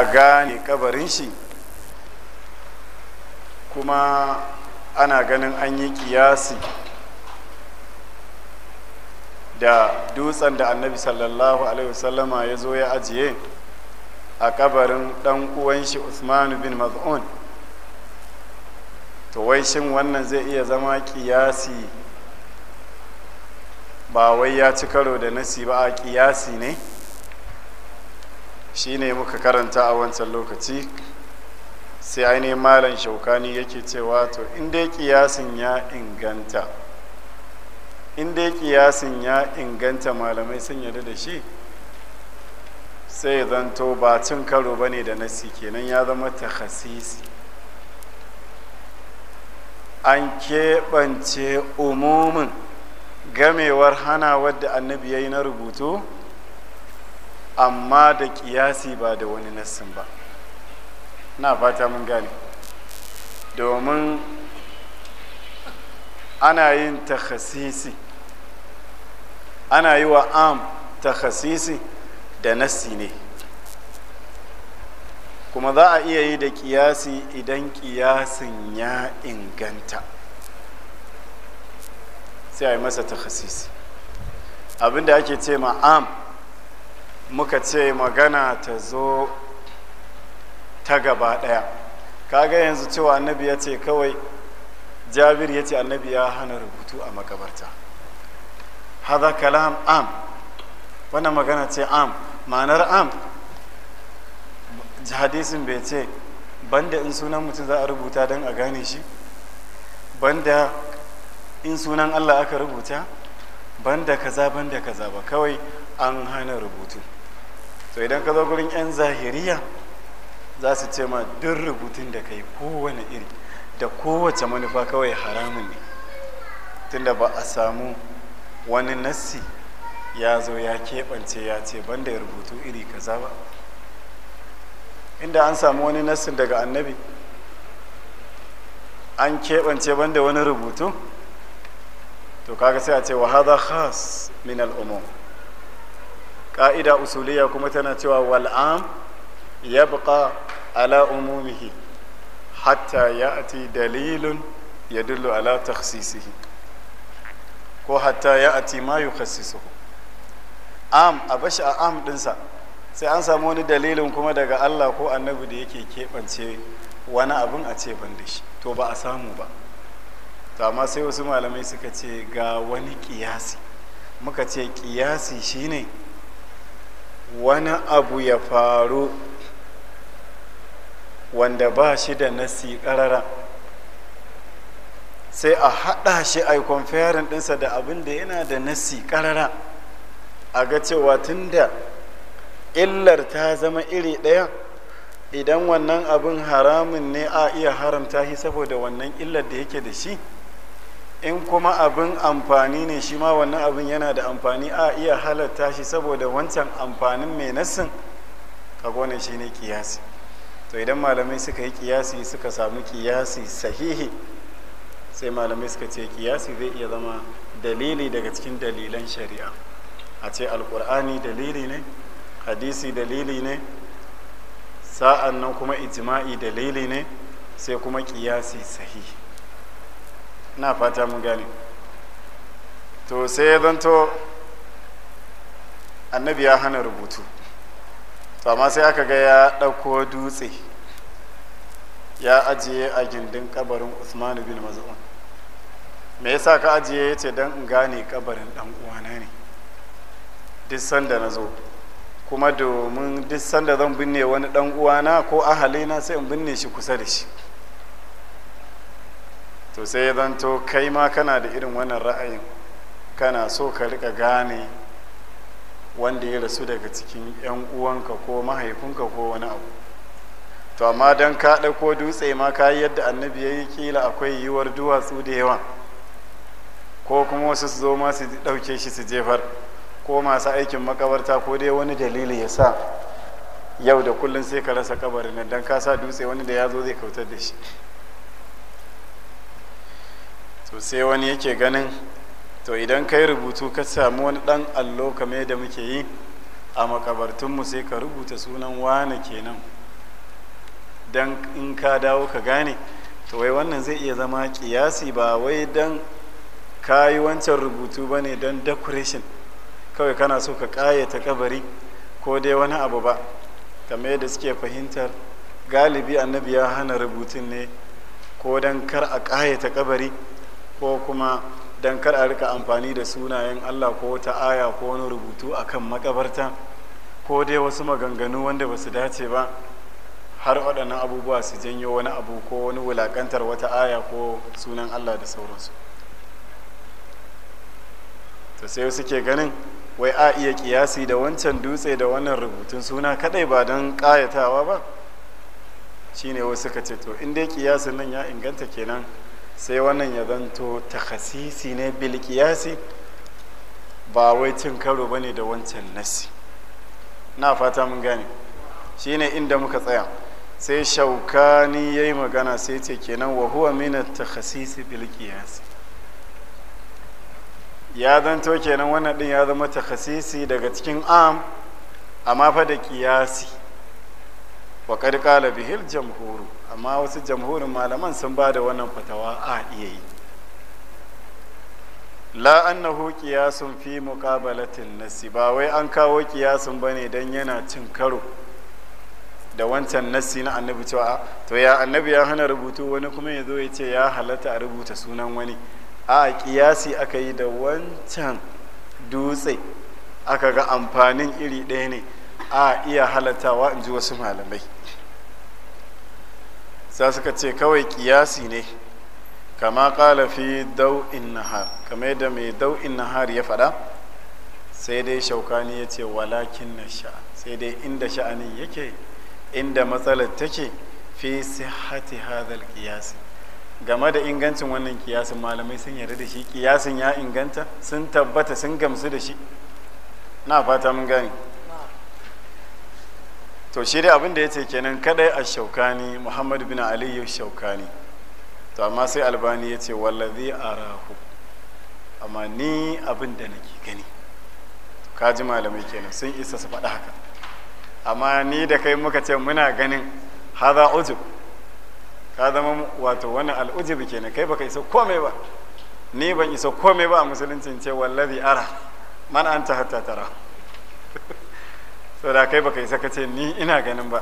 a gane kabarin shi kuma ana ganin an yi kiyasi da dutsen da annabi sallallahu alaihi wasallama ya zo ya ajiye a kabarin dan uwan shi usmanu bin maz'un to wai shin wannan zai iya zama kiyasi ba wai ya ci karo da nasi ba a kiyasi ne Shi ne muka karanta a wancan lokaci sai ainihin malam shaukani yake cewa to inda kiyasin ya inganta inda kiyasin ya inganta malamai sun yarda da shi sai zanto ba cin karo ba ne da nasi kenan ya zama takhasisi an keɓance umumin gamewar hana wadda annabi ya yi na rubutu amma da kiyasi ba da wani nassin ba na fata mun gane domin ana yin takhasisi ana yi wa am takhasisi da nassi ne kuma za a iya yi da kiyasi idan kiyasin ya inganta sai a yi masa takhasisi abinda ake ce ma am muka ce magana ta zo ta gaba ɗaya kaga yanzu cewa annabi ya ce kawai jabir ya ce annabi ya hana rubutu a makabarta haza kalam am wannan magana ce am ma'anar am hadisin bai ce banda in sunan mutum za a rubuta don a gane shi banda in sunan allah aka rubuta banda kaza banda kaza ba kawai an hana rubutu To idan ka zo gurin 'yan zahiriya za su ce ma duk rubutun da kai kowane iri da kowace manufa kawai haramun ne tunda ba a samu wani nassi ya zo ya keɓance ya ce banda rubutu iri kaza ba inda an samu wani nassin daga annabi an keɓance banda wani rubutu to kaga sai a ce wa hada khas min al'umum ka'ida usuliya kuma tana cewa wal'am ya buƙa ala umumihi hatta ya ati dalilun ya dullu ala taksisihi ko hatta ya ati ma yi am a bashi a am ɗinsa sai an samu wani dalilin kuma daga allah ko annabi da yake keɓance wani abin a ce ban da shi to ba a samu ba to amma sai wasu malamai suka ce ga wani ƙiyasi muka ce ƙiyasi shine ne wani abu ya faru wanda ba shi da nasi karara sai a haɗa shi a comparing ɗinsa da abin da yana da nasi karara a ga cewa tunda illar ta zama iri ɗaya idan wannan abin haramun ne a iya haramta shi saboda wannan illar da yake da shi in kuma abin amfani ne shi ma wannan abin yana da amfani a iya halatta shi saboda wancan amfanin mai nassin gona shi ne kiyasi to idan malamai suka yi kiyasi suka samu kiyasi sahihi sai malamai suka ce kiyasi zai iya zama dalili daga cikin dalilan shari'a a ce alkur'ani dalili ne hadisi dalili ne sa'an nan kuma ijima'i dalili ne sai kuma kiyasi sahihi na fata mun gane to sai ya zanto annabi ya hana rubutu to amma sai aka ga ya ɗauko dutse ya ajiye a gindin kabarin usman bin maz'un me yasa ka ajiye ya ce don in gane kabarin dan uwana ne duk sanda na zo kuma domin duk sanda zan binne wani dan uwana ko ahalina sai in binne shi kusa da shi to sai ya zanto kai ma kana da irin wannan ra'ayin kana so ka rika gane wanda ya rasu daga cikin 'yan uwanka ko mahaifinka ko wani abu to amma don ka ɗauko dutse ma ka yi yadda annabi ya yi kila akwai yiwuwar duwatsu da yawa ko kuma wasu su zo ma su ɗauke shi su jefar ko masu aikin makabarta ko dai wani dalili ya sa yau da kullum sai ka rasa kabarin nan don ka sa dutse wani da ya zo zai kautar da shi to sai wani yake ganin to idan kai rubutu ka samu wani dan allo kame da muke yi a makabartunmu sai ka rubuta sunan wane kenan dan in ka dawo ka gane to wai wannan zai iya zama kiyasi ba wai dan ka yi wancan rubutu ba ne don decoration kawai kana so ka kayata kabari ko dai wani abu ba kamar yadda suke fahimtar galibi annabi ya hana rubutun ne ko don kar a kayata kabari ko kuma don kar a rika amfani da sunayen allah ko wata aya ko wani rubutu a kan makabarta ko dai wasu maganganu wanda ba su dace ba har waɗannan abubuwa su janyo wani abu ko wani wulaƙantar wata aya ko sunan allah da sauransu to sai suke ganin wai a iya kiyasi da wancan dutse da wannan rubutun suna kadai ba don ƙayatawa ba shine wasu ka ce to in dai kiyasin nan ya inganta kenan sai wannan ya zanto takasisi ne bilkiyasi ba wai cin karo ba da wancan nasi na fata mun gane ne inda muka tsaya sai shaukani ya yi magana sai ce kenan wa huwa mina ta hasisi bilkiyasi ya zanto kenan wannan din ya zama takasisi daga cikin am amma fa da kiyasi wa qad kala bihil jamhuru amma wasu jamhurin malaman sun ba da wannan fatawa a iya yi la annahu qiyasun fi muqabalatin nasi ba wai an kawo qiyasun bane dan yana cin karo da wancan nasi na annabi cewa to ya annabi ya hana rubutu wani kuma ya zo ya ce ya halatta a rubuta sunan wani a kiyasi aka yi da wancan dutse aka ga amfanin iri ɗaya ne a iya halatawa in ji wasu malamai sa suka ce kawai kiyasi ne kama kala fi dau'in nahar kama yadda mai dau'in nahar ya faɗa sai dai shaukani ya ce walakin na sha sai dai inda sha'anin yake inda matsalar take fi hati hadal kiyasi game da ingancin wannan kiyasin malamai sun yarda da shi kiyasin ya inganta sun tabbata sun gamsu da shi na fata mun gani to shi dai abin da ya ce kenan kadai a shaukani muhammad bin aliyu shaukani to amma sai albani ya ce wallazi arahu amma ni abin da nake gani ka ji malamai kenan sun isa su faɗi haka amma ni da kai muka ce muna ganin haza ujub ka zama wato wani al'ujubi kenan kai baka isa komai ba ni ban isa komai ba a musuluncin ce wallazi ara man ta hatta tara da kai baka isa kace ni ina ganin ba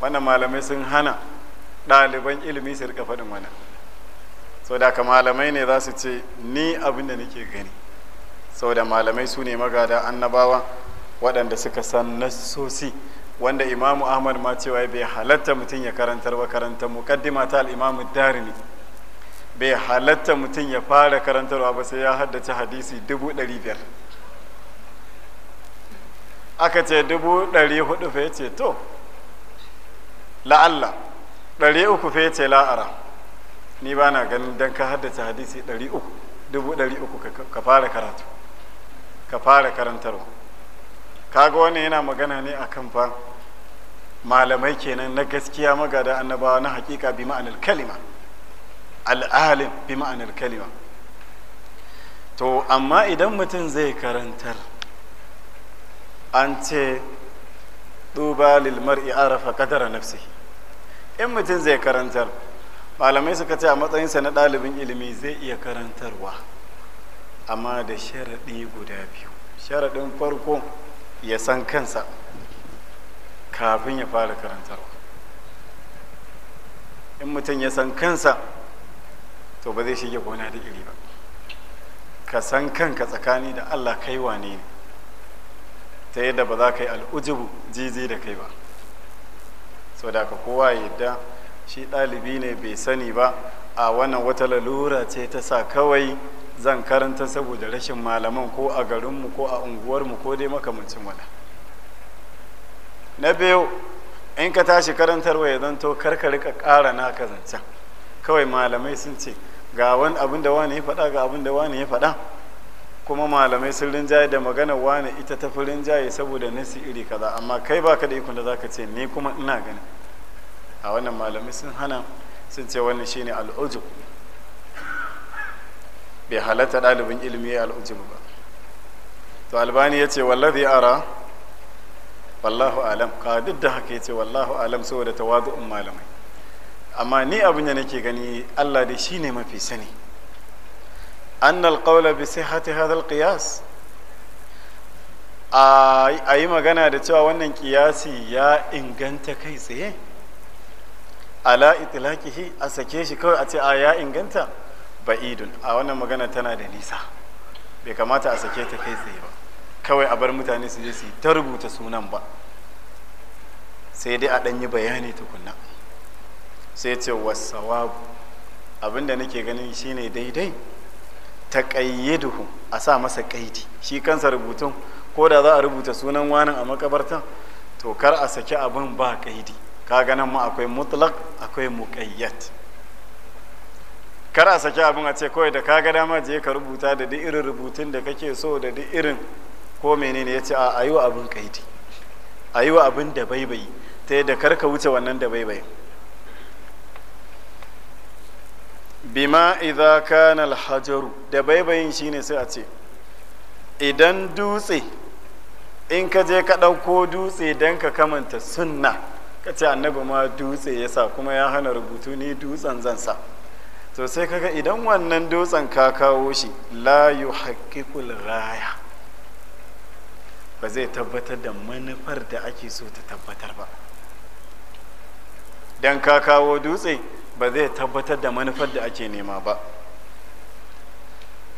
wannan malamai sun hana ɗaliban ilimi su rika faɗin wannan saboda ka malamai ne za su ce ni abin da nake gani da malamai su ne magada annabawa waɗanda suka san nassosi wanda imamu ahmad ma cewa bai halatta mutum ya karantar ba karanta muqaddima ta al-imamu darimi bai halatta mutum ya fara karantarwa ba sai ya haddace hadisi dubu ɗari biyar aka ce dubu ɗari hudu fa ce to la'alla ɗari uku fa ce la'ara ni ba na ganin don ka haddace hadisi ɗari uku dubu ɗari uku ka fara karatu ka fara karantarwa kaga wani yana magana ne a kan fa malamai kenan na gaskiya magada annabawa na hakika bi ma'anar kalima al'alim bi ma'anar kalima to amma idan mutum zai karantar an ce duba lilmar arafa kadara nafsihi in mutum zai karantar malamai suka ce a matsayinsa na ɗalibin ilimi zai iya karantarwa amma da sharaɗi guda biyu sharaɗin farko ya san kansa kafin ya fara karantarwa in mutum ya san kansa to ba zai shige gona da iri ba ka san kanka tsakani da allah kaiwa ne ne ta yadda ba za ka yi al'ujubu jizi da kai ba so da ka kowa yadda shi ɗalibi ne bai sani ba a wannan wata lalura ce ta sa kawai zan karanta saboda rashin malaman ko a garinmu ko a unguwarmu ko dai makamancin wada na biyu in ka tashi karantarwa ya zanto karka rika ƙara naka zancen kawai malamai sun ce ga abin da wani ya faɗa ga abin da wani ya faɗa kuma malamai sun rinjaye da magana wani ita ta fi rinjaye saboda nasi iri kaza amma kai baka da ikon da zaka ce ni kuma ina gani a wannan malamai sun hana sun ce wannan shine al'ujub bai halatta ɗalibin ilimi ya al'ujub ba to albani ya ce wallazi ara wallahu alam ka duk haka ya ce wallahu alam saboda tawazu'un malamai amma ni abin da nake gani Allah dai shine mafi sani an alƙaula bi sihhati hadal qiyas a yi magana da cewa wannan kiyasi ya inganta kai tsaye ala itlaqihi a sake shi kawai a ce a ya inganta ba'idun a wannan magana tana da nisa bai kamata a sake ta kai tsaye ba kawai a bar mutane su je su ta rubuta sunan ba sai dai a ɗan yi bayani tukuna. sai ce wasawabu abinda nake ganin shine daidai Ta taqayyiduhu a sa masa kaidi shi kansa rubutun ko da za a rubuta sunan wani a makabartan to kar a saki abin ba kaidi kaga nan ma akwai mutlaq akwai muqayyad kar a saki abin a ce kawai da ga dama je ka rubuta da duk irin rubutun da kake so da duk irin ko menene ya ce a ayi wa abin kaidi a wa abin da baibayi ta yadda kar ka wuce wannan da baibayin bima idza kana dabaibayin da baibayin shine sai a ce idan dutse in ka je ka ɗauko dutse dan ka kamanta sunna ka ce annabi ma dutse ya sa kuma ya hana rubutu ni dutsen zan sa to sai kaga idan wannan dutsen ka kawo shi la yuhaqqiqul ghaya ba zai tabbatar da manufar da ake so ta tabbatar ba dan ka kawo dutse ba zai tabbatar da manufar da ake nema ba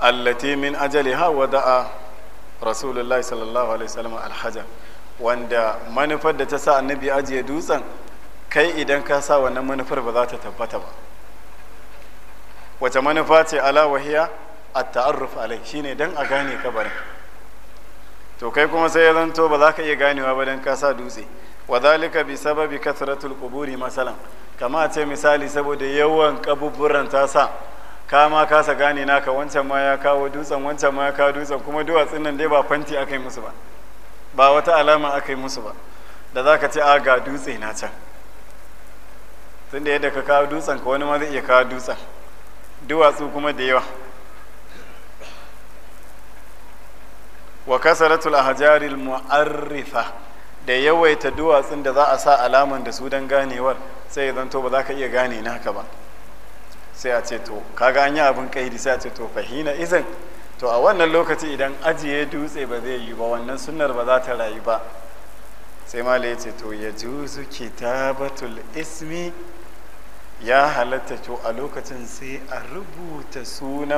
allati min hawa da'a rasulullahi sallallahu alaihi wasallam alhajar wanda manufar da ta sa annabi ajiye dutsen kai idan ka sa wannan manufar ba za ta tabbata ba wace manufa ce ala wahiya a ta'arruf alai shine dan a gane kabarin to kai kuma sai ya zanto ba za ka iya ganewa ba dan ka sa dutse wa zalika bi sababi kasratul quburi masalan kama a ce misali saboda yawan kaburburan ta sa ka ma kasa gane naka wancan ma ya kawo dutsen wancan ma ya kawo dutsen kuma duwatsun nan dai ba fanti aka yi musu ba ba wata alama aka yi musu ba da za ka ce a ga dutse na can Tun da yadda ka kawo dutsen ka wani ma zai iya kawo dutsen duwatsu kuma da yawa wa kasaratul ahjaril mu'arrifa da yawaita duwatsun da za a sa alaman da su don ganewar sai ya zanto ba za ka iya gane na haka ba sai a ce to kaga an yi abin kaidi sai a ce to fahina izin to a wannan lokaci idan ajiye dutse ba zai yi ba wannan sunnar ba za ta rayu ba sai ma ya ce to ya juzu kitabatul ismi ya halatta to a lokacin sai a rubuta suna